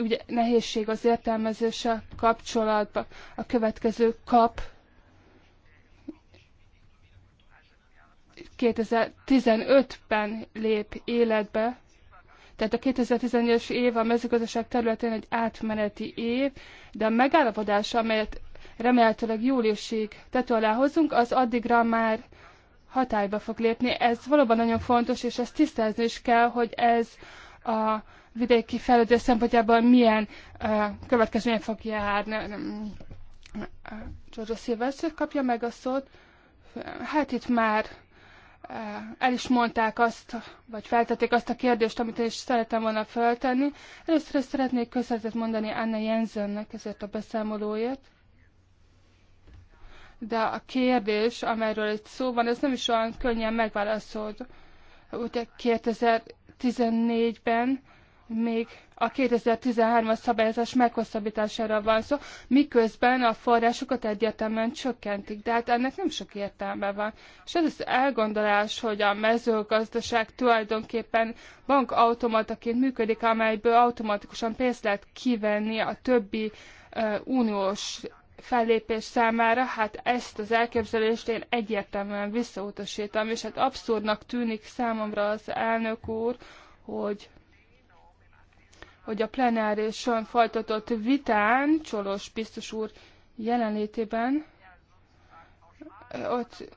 ugye nehézség az értelmezése kapcsolatban a következő kap 2015-ben lép életbe, tehát a 2011-es év a mezőgazdaság területén egy átmeneti év, de a megállapodás, amelyet remélhetőleg júliusig tető alá hozunk, az addigra már hatályba fog lépni. Ez valóban nagyon fontos, és ezt tisztázni is kell, hogy ez a vidéki fejlődés szempontjából milyen uh, következmények fog járni. Giorgio Silvester kapja meg a szót. Hát itt már el is mondták azt, vagy feltették azt a kérdést, amit én is szeretem volna feltenni. Először is szeretnék köszönetet mondani Anna Jensennek ezért a beszámolóért. De a kérdés, amelyről itt szó van, ez nem is olyan könnyen megválaszolt. Ugye 2014-ben még a 2013-as szabályozás meghosszabbítására van szó, miközben a forrásokat egyetemen csökkentik, de hát ennek nem sok értelme van. És ez az elgondolás, hogy a mezőgazdaság tulajdonképpen bankautomataként működik, amelyből automatikusan pénzt lehet kivenni a többi uh, uniós fellépés számára, hát ezt az elképzelést én egyértelműen visszautasítom, és hát abszurdnak tűnik számomra az elnök úr, hogy hogy a plenárison folytatott vitán, Csolos biztos úr jelenlétében, ott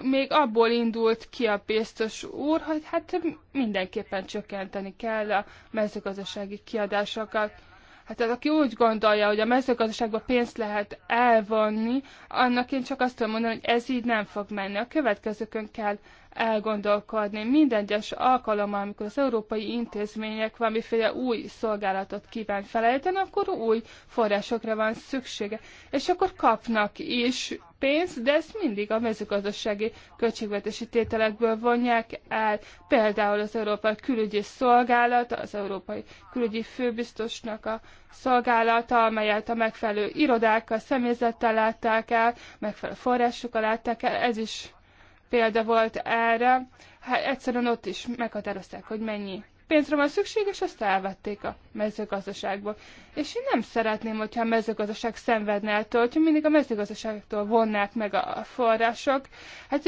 még abból indult ki a biztos úr, hogy hát mindenképpen csökkenteni kell a mezőgazdasági kiadásokat. Hát az aki úgy gondolja, hogy a mezőgazdaságban pénzt lehet elvonni, annak én csak azt tudom mondani, hogy ez így nem fog menni. A következőkön kell elgondolkodni. Minden egyes alkalommal, amikor az európai intézmények valamiféle új szolgálatot kíván felejteni, akkor új forrásokra van szüksége. És akkor kapnak is pénz, de ezt mindig a mezőgazdasági költségvetési tételekből vonják el. Például az Európai Külügyi Szolgálat, az Európai Külügyi Főbiztosnak a szolgálata, amelyet a megfelelő irodákkal, személyzettel látták el, megfelelő forrásokkal látták el, ez is példa volt erre. Hát egyszerűen ott is meghatározták, hogy mennyi pénzre van szükség, és azt elvették a mezőgazdaságból. És én nem szeretném, hogyha a mezőgazdaság szenvedne ettől, hogyha mindig a mezőgazdaságtól vonnák meg a források. Hát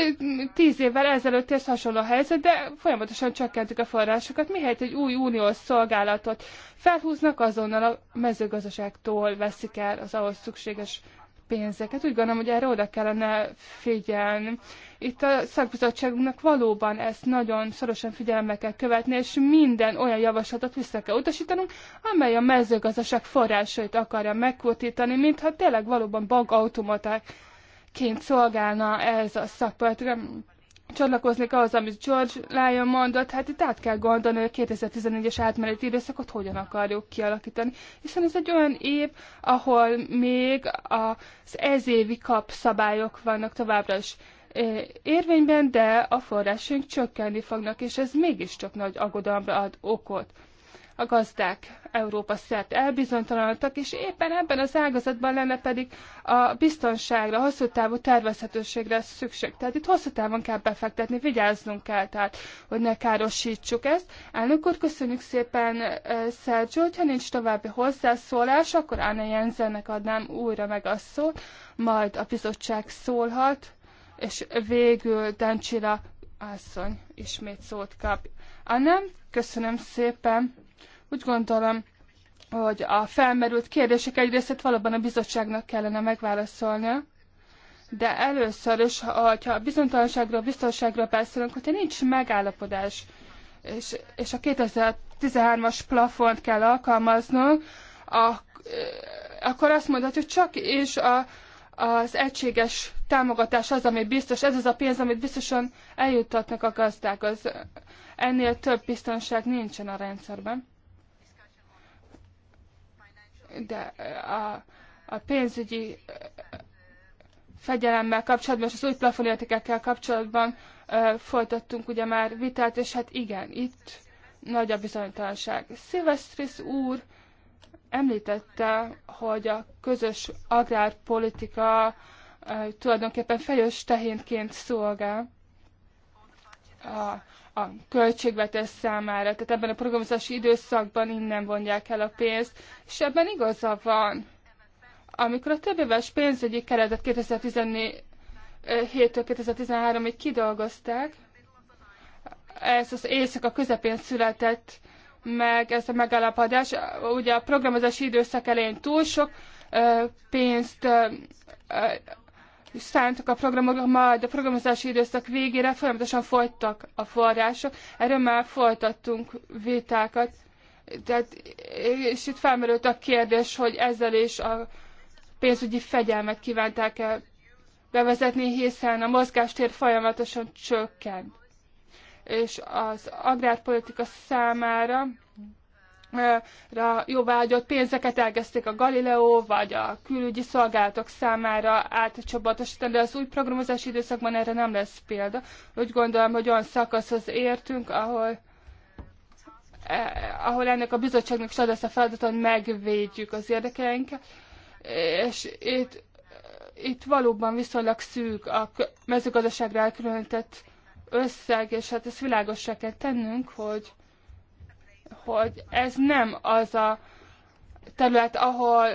tíz évvel ezelőtt ez hasonló helyzet, de folyamatosan csökkentük a forrásokat, mihelyt egy új uniós szolgálatot felhúznak, azonnal a mezőgazdaságtól veszik el az ahhoz szükséges pénzeket. Úgy gondolom, hogy erre oda kellene figyelni. Itt a szakbizottságunknak valóban ezt nagyon szorosan figyelembe kell követni, és minden olyan javaslatot vissza kell utasítanunk, amely a mezőgazdaság forrásait akarja megkutítani, mintha tényleg valóban ként szolgálna ez a szakpolitika csatlakoznék ahhoz, amit George Lyon mondott, hát itt át kell gondolni, hogy a 2014-es átmeneti időszakot hogyan akarjuk kialakítani. Hiszen ez egy olyan év, ahol még az ezévi kap szabályok vannak továbbra is e, érvényben, de a forrásunk csökkenni fognak, és ez mégiscsak nagy aggodalomra ad okot a gazdák Európa szert elbizonytalanodtak, és éppen ebben az ágazatban lenne pedig a biztonságra, hosszú távú tervezhetőségre szükség. Tehát itt hosszú távon kell befektetni, vigyáznunk kell, tehát hogy ne károsítsuk ezt. Elnök úr, köszönjük szépen, eh, Szerzső, hogyha nincs további hozzászólás, akkor Anna Jensennek adnám újra meg a szót, majd a bizottság szólhat, és végül Dancsira asszony ismét szót kap. Anna, köszönöm szépen! Úgy gondolom, hogy a felmerült kérdések egyrészt valóban a bizottságnak kellene megválaszolnia, de először is, hogyha a bizonytalanságról, biztonságról beszélünk, hogyha nincs megállapodás, és, és a 2013-as plafont kell alkalmaznunk, a, eh, akkor azt mondhatjuk, csak és a, az egységes támogatás az, ami biztos, ez az a pénz, amit biztosan eljuttatnak a gazdák, az Ennél több biztonság nincsen a rendszerben de a, a pénzügyi fegyelemmel kapcsolatban és az új plafonértékekkel kapcsolatban folytattunk ugye már vitát, és hát igen, itt nagy a bizonytalanság. Szilvesztris úr említette, hogy a közös agrárpolitika tulajdonképpen fejős tehénként szolgál a, a költségvetés számára. Tehát ebben a programozási időszakban innen vonják el a pénzt, és ebben igaza van. Amikor a több éves pénzügyi keretet 2017 től 2013-ig kidolgozták, ez az éjszaka közepén született meg ez a megállapodás. Ugye a programozási időszak elején túl sok pénzt szántak a programok, majd a programozási időszak végére folyamatosan folytak a források. Erről már folytattunk vitákat. Tehát, és itt felmerült a kérdés, hogy ezzel is a pénzügyi fegyelmet kívánták el bevezetni, hiszen a mozgástér folyamatosan csökken. És az agrárpolitika számára jóváhagyott pénzeket elkezdték a Galileo vagy a külügyi szolgálatok számára átcsoportosítani, de az új programozási időszakban erre nem lesz példa. Úgy gondolom, hogy olyan szakaszhoz értünk, ahol eh, ahol ennek a bizottságnak is ad a feladatot, megvédjük az érdekeinket, és itt, itt valóban viszonylag szűk a mezőgazdaságra elkülönített összeg, és hát ezt világosra kell tennünk, hogy, hogy ez nem az a terület, ahol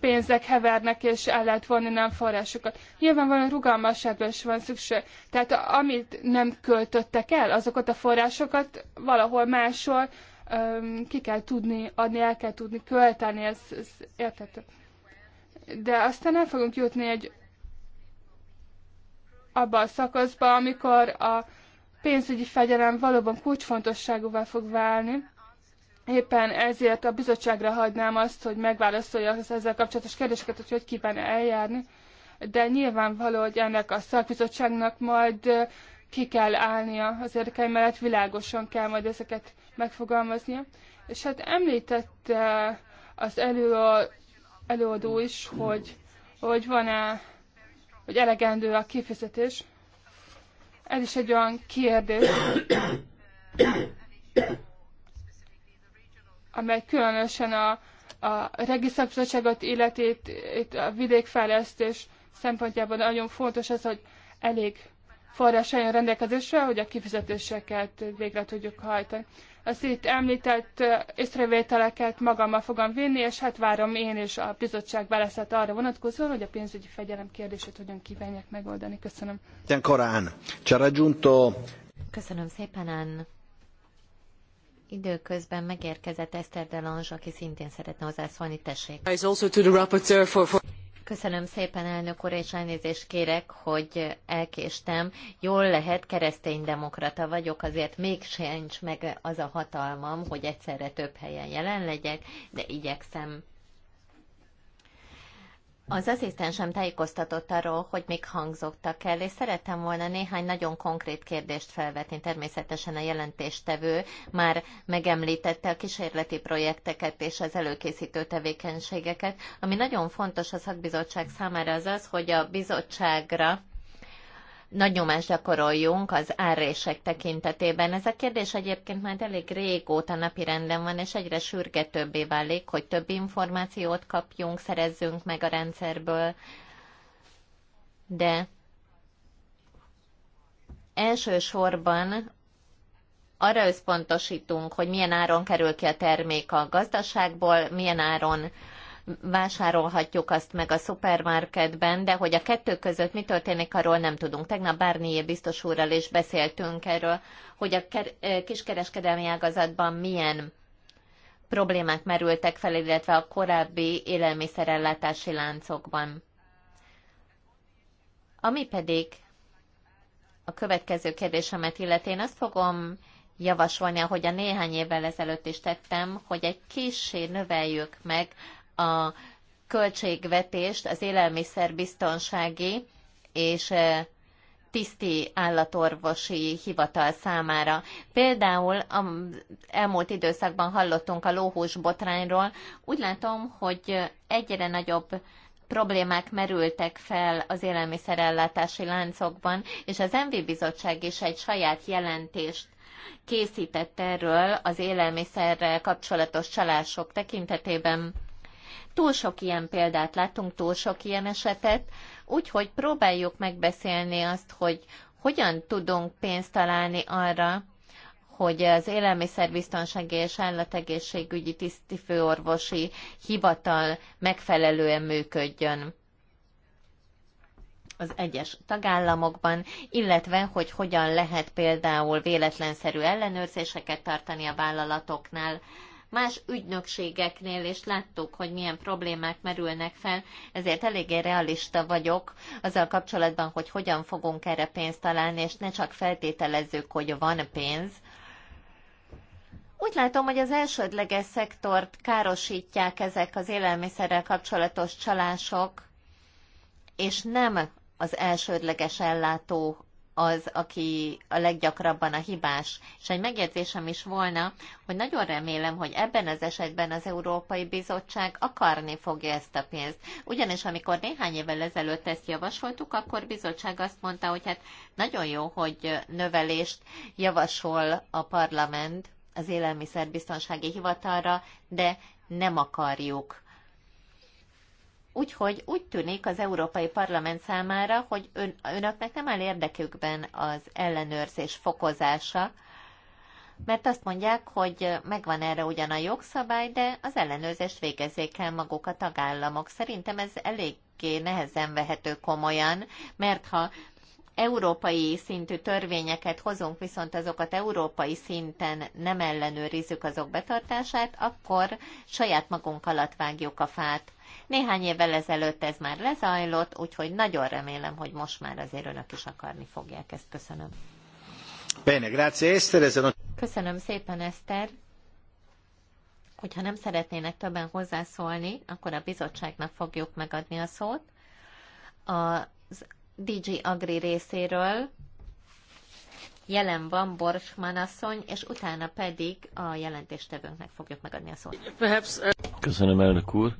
pénzek hevernek, és el lehet vonni nem forrásokat. Nyilvánvalóan rugalmasságra is van szükség. Tehát amit nem költöttek el, azokat a forrásokat valahol máshol um, ki kell tudni adni, el kell tudni költeni, ez, ez érthető. De aztán el fogunk jutni egy abban a szakaszban, amikor a pénzügyi fegyelem valóban kulcsfontosságúvá fog válni. Éppen ezért a bizottságra hagynám azt, hogy megválaszolja az ezzel kapcsolatos kérdéseket, hogy hogy kíván eljárni. De nyilvánvaló, hogy ennek a szakbizottságnak majd ki kell állnia az érdekei mellett, világosan kell majd ezeket megfogalmaznia. És hát említette az elő, előadó is, hogy, hogy van-e, hogy elegendő a kifizetés. Ez is egy olyan kérdés, amely különösen a, a regisztrapszolgálat életét, itt a vidékfejlesztés szempontjában nagyon fontos az, hogy elég forrás rendelkezésre, hogy a kifizetéseket végre tudjuk hajtani az itt említett észrevételeket magammal fogom vinni, és hát várom én és a bizottság beleszett arra vonatkozóan, hogy a pénzügyi fegyelem kérdését hogyan kívánják megoldani. Köszönöm. Korán. Köszönöm szépen, Ann. Időközben megérkezett Eszter Delange, aki szintén szeretne hozzászólni. Tessék. Köszönöm szépen, elnök úr, és elnézést kérek, hogy elkéstem. Jól lehet, kereszténydemokrata vagyok, azért még sincs meg az a hatalmam, hogy egyszerre több helyen jelen legyek, de igyekszem. Az asszisztensem tájékoztatott arról, hogy még hangzottak el, és szerettem volna néhány nagyon konkrét kérdést felvetni. Természetesen a jelentéstevő már megemlítette a kísérleti projekteket és az előkészítő tevékenységeket. Ami nagyon fontos a szakbizottság számára az az, hogy a bizottságra nagy nyomást gyakoroljunk az árrések tekintetében. Ez a kérdés egyébként már elég régóta renden van, és egyre sürgetőbbé válik, hogy több információt kapjunk, szerezzünk meg a rendszerből. De elsősorban arra összpontosítunk, hogy milyen áron kerül ki a termék a gazdaságból, milyen áron vásárolhatjuk azt meg a szupermarketben, de hogy a kettő között mi történik, arról nem tudunk. Tegnap Bárnyi biztos úrral is beszéltünk erről, hogy a kiskereskedelmi ágazatban milyen problémák merültek fel, illetve a korábbi élelmiszerellátási láncokban. Ami pedig a következő kérdésemet illeti, én azt fogom javasolni, ahogy a néhány évvel ezelőtt is tettem, hogy egy kissé növeljük meg a költségvetést az élelmiszerbiztonsági és e, tiszti állatorvosi hivatal számára. Például elmúlt időszakban hallottunk a lóhús botrányról. Úgy látom, hogy egyre nagyobb problémák merültek fel az élelmiszerellátási láncokban, és az MV Bizottság is egy saját jelentést készített erről az élelmiszerrel kapcsolatos csalások tekintetében. Túl sok ilyen példát láttunk, túl sok ilyen esetet, úgyhogy próbáljuk megbeszélni azt, hogy hogyan tudunk pénzt találni arra, hogy az élelmiszerbiztonsági és állategészségügyi tisztifőorvosi hivatal megfelelően működjön az egyes tagállamokban, illetve hogy hogyan lehet például véletlenszerű ellenőrzéseket tartani a vállalatoknál, más ügynökségeknél, és láttuk, hogy milyen problémák merülnek fel, ezért eléggé realista vagyok azzal kapcsolatban, hogy hogyan fogunk erre pénzt találni, és ne csak feltételezzük, hogy van pénz, úgy látom, hogy az elsődleges szektort károsítják ezek az élelmiszerrel kapcsolatos csalások, és nem az elsődleges ellátó az, aki a leggyakrabban a hibás. És egy megjegyzésem is volna, hogy nagyon remélem, hogy ebben az esetben az Európai Bizottság akarni fogja ezt a pénzt. Ugyanis amikor néhány évvel ezelőtt ezt javasoltuk, akkor a bizottság azt mondta, hogy hát nagyon jó, hogy növelést javasol a parlament az élelmiszerbiztonsági hivatalra, de nem akarjuk Úgyhogy úgy tűnik az Európai Parlament számára, hogy ön, önöknek nem áll érdekükben az ellenőrzés fokozása, mert azt mondják, hogy megvan erre ugyan a jogszabály, de az ellenőrzést végezzék el maguk a tagállamok. Szerintem ez eléggé nehezen vehető komolyan, mert ha európai szintű törvényeket hozunk, viszont azokat európai szinten nem ellenőrizzük azok betartását, akkor saját magunk alatt vágjuk a fát. Néhány évvel ezelőtt ez már lezajlott, úgyhogy nagyon remélem, hogy most már azért önök is akarni fogják ezt. Köszönöm. Bene, grazie Eszter. Köszönöm szépen, Eszter. Hogyha nem szeretnének többen hozzászólni, akkor a bizottságnak fogjuk megadni a szót. A DG Agri részéről jelen van Borsman asszony, és utána pedig a jelentéstevőnknek fogjuk megadni a szót. Uh- Köszönöm, elnök úr.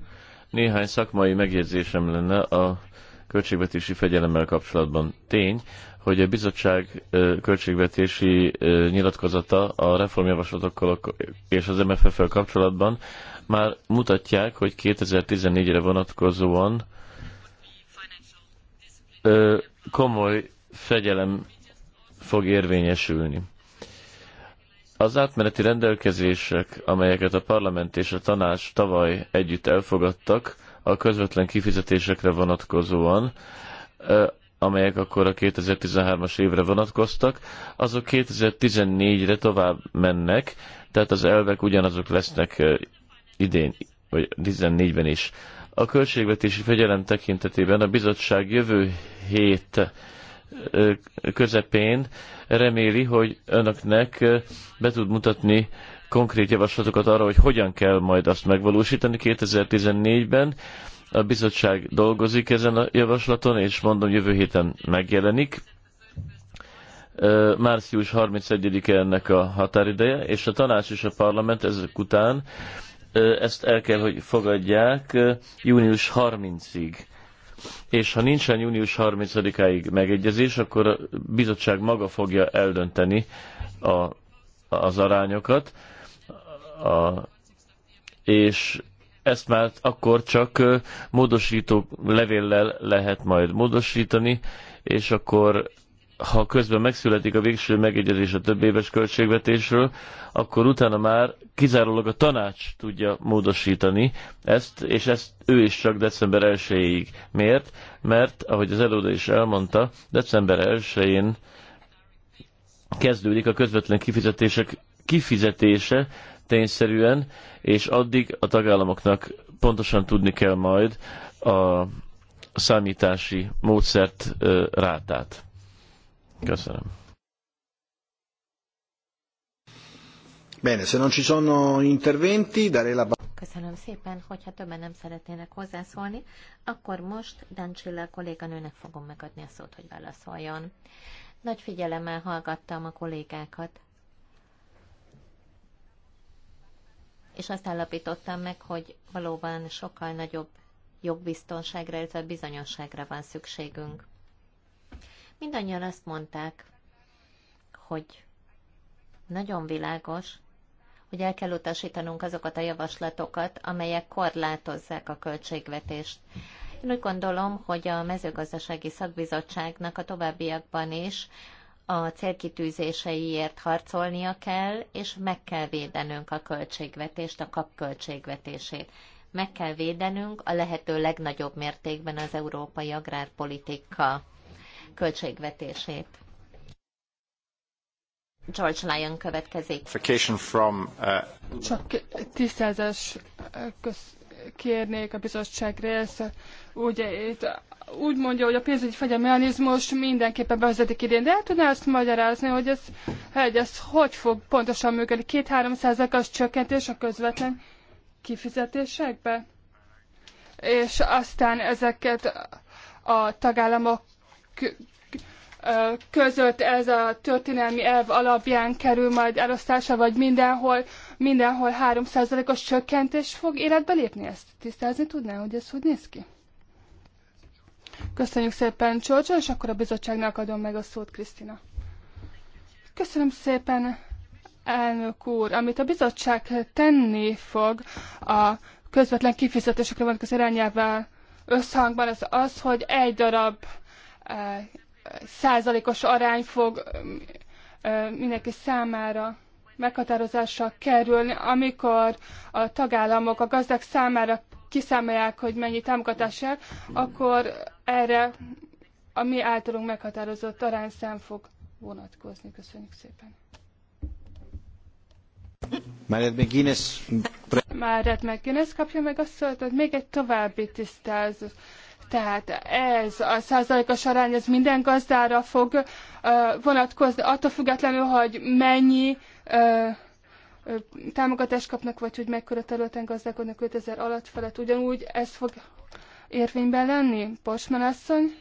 Néhány szakmai megjegyzésem lenne a költségvetési fegyelemmel kapcsolatban. Tény, hogy a bizottság költségvetési nyilatkozata a reformjavaslatokkal és az MFF-fel kapcsolatban már mutatják, hogy 2014-re vonatkozóan komoly fegyelem fog érvényesülni. Az átmeneti rendelkezések, amelyeket a parlament és a tanács tavaly együtt elfogadtak, a közvetlen kifizetésekre vonatkozóan, amelyek akkor a 2013-as évre vonatkoztak, azok 2014-re tovább mennek, tehát az elvek ugyanazok lesznek idén, vagy 14-ben is. A költségvetési fegyelem tekintetében a bizottság jövő hét közepén reméli, hogy önöknek be tud mutatni konkrét javaslatokat arra, hogy hogyan kell majd azt megvalósítani 2014-ben. A bizottság dolgozik ezen a javaslaton, és mondom, jövő héten megjelenik. Március 31-e ennek a határideje, és a tanács és a parlament ezek után ezt el kell, hogy fogadják június 30-ig és ha nincsen június 30-áig megegyezés, akkor a bizottság maga fogja eldönteni a, az arányokat, a, és ezt már akkor csak módosító levéllel lehet majd módosítani, és akkor ha közben megszületik a végső megegyezés a több éves költségvetésről, akkor utána már kizárólag a tanács tudja módosítani ezt, és ezt ő is csak december 1-ig. Miért? Mert, ahogy az előadó is elmondta, december 1-én kezdődik a közvetlen kifizetések kifizetése tényszerűen, és addig a tagállamoknak pontosan tudni kell majd a számítási módszert rátát. Köszönöm. Bene, se non ci sono interventi, darei la Köszönöm szépen, hogyha többen nem szeretnének hozzászólni, akkor most Dancsilla kolléganőnek fogom megadni a szót, hogy válaszoljon. Nagy figyelemmel hallgattam a kollégákat. És azt állapítottam meg, hogy valóban sokkal nagyobb jogbiztonságra, illetve bizonyosságra van szükségünk. Mindannyian azt mondták, hogy nagyon világos, hogy el kell utasítanunk azokat a javaslatokat, amelyek korlátozzák a költségvetést. Én úgy gondolom, hogy a mezőgazdasági szakbizottságnak a továbbiakban is a célkitűzéseiért harcolnia kell, és meg kell védenünk a költségvetést, a kap költségvetését. Meg kell védenünk a lehető legnagyobb mértékben az európai agrárpolitika költségvetését. George Lyon következik. From, uh... Csak tisztázás kérnék a bizottság rész. Ugye itt úgy mondja, hogy a pénzügyi fegyelmechanizmus mindenképpen bevezetik idén, de el tudná azt magyarázni, hogy ez, hogy ez hogy fog pontosan működni? Két-három százalékos csökkentés a közvetlen kifizetésekbe? És aztán ezeket a tagállamok között ez a történelmi elv alapján kerül majd elosztásra, vagy mindenhol, mindenhol 3%-os csökkentés fog életbe lépni ezt? Tisztázni tudná, hogy ez hogy néz ki? Köszönjük szépen, Csorcsa, és akkor a bizottságnak adom meg a szót, Krisztina. Köszönöm szépen, elnök úr. Amit a bizottság tenni fog a közvetlen kifizetésekre vonatkozó irányával összhangban, az az, hogy egy darab százalékos arány fog um, um, mindenki számára meghatározásra kerülni, amikor a tagállamok a gazdák számára kiszámolják, hogy mennyi támogatás jár, akkor erre a mi általunk meghatározott arányszám fog vonatkozni. Köszönjük szépen. Mered meg Guinness. Mered meg kapja meg a szót, hogy még egy további tisztázás. Tehát ez a százalékos arány, ez minden gazdára fog vonatkozni, attól függetlenül, hogy mennyi támogatást kapnak, vagy hogy mekkora területen gazdálkodnak 5000 alatt felett. Ugyanúgy ez fog érvényben lenni, Borsman asszony.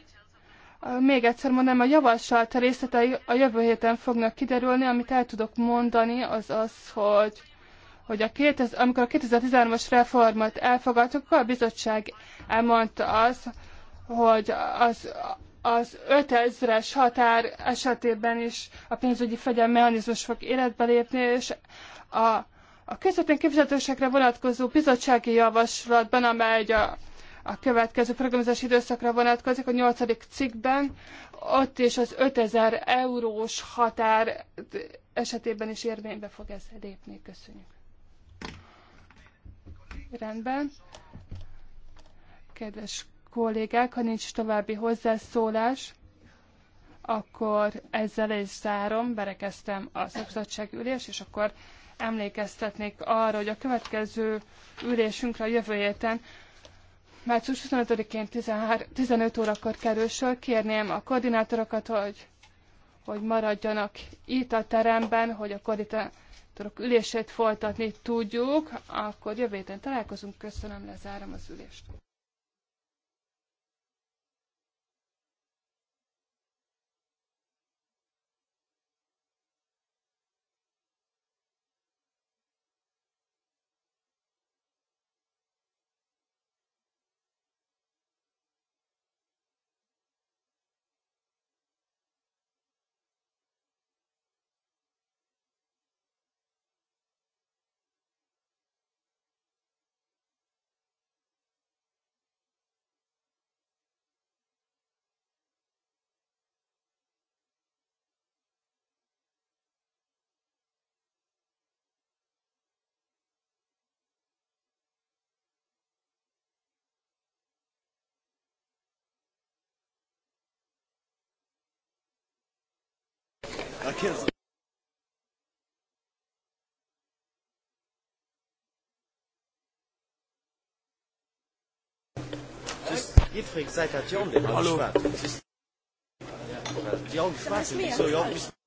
Még egyszer mondom, a javaslat részletei a jövő héten fognak kiderülni, amit el tudok mondani, az az, hogy hogy a 2000, amikor a 2013-as reformot elfogadtuk, akkor a bizottság elmondta az, hogy az, az 5000-es határ esetében is a pénzügyi fegyelmi mechanizmus fog életbe lépni, és a, a közvetlen kifizetősekre vonatkozó bizottsági javaslatban, amely a, a következő programozási időszakra vonatkozik, a 8. cikkben, ott is az 5000 eurós határ esetében is érvénybe fog ez lépni. Köszönjük. Rendben. Kedves kollégák, ha nincs további hozzászólás, akkor ezzel is zárom, berekeztem a szakszatság ülés, és akkor emlékeztetnék arra, hogy a következő ülésünkre a jövő héten március 25-én 15 órakor kerül sor. Kérném a koordinátorokat, hogy, hogy maradjanak itt a teremben, hogy a koordinátorokat tudok ülését folytatni tudjuk, akkor jövő héten találkozunk. Köszönöm, lezárom az ülést. kids Jitfrik, seid hat die Augen schwarz. Die Augen schwarz sind so,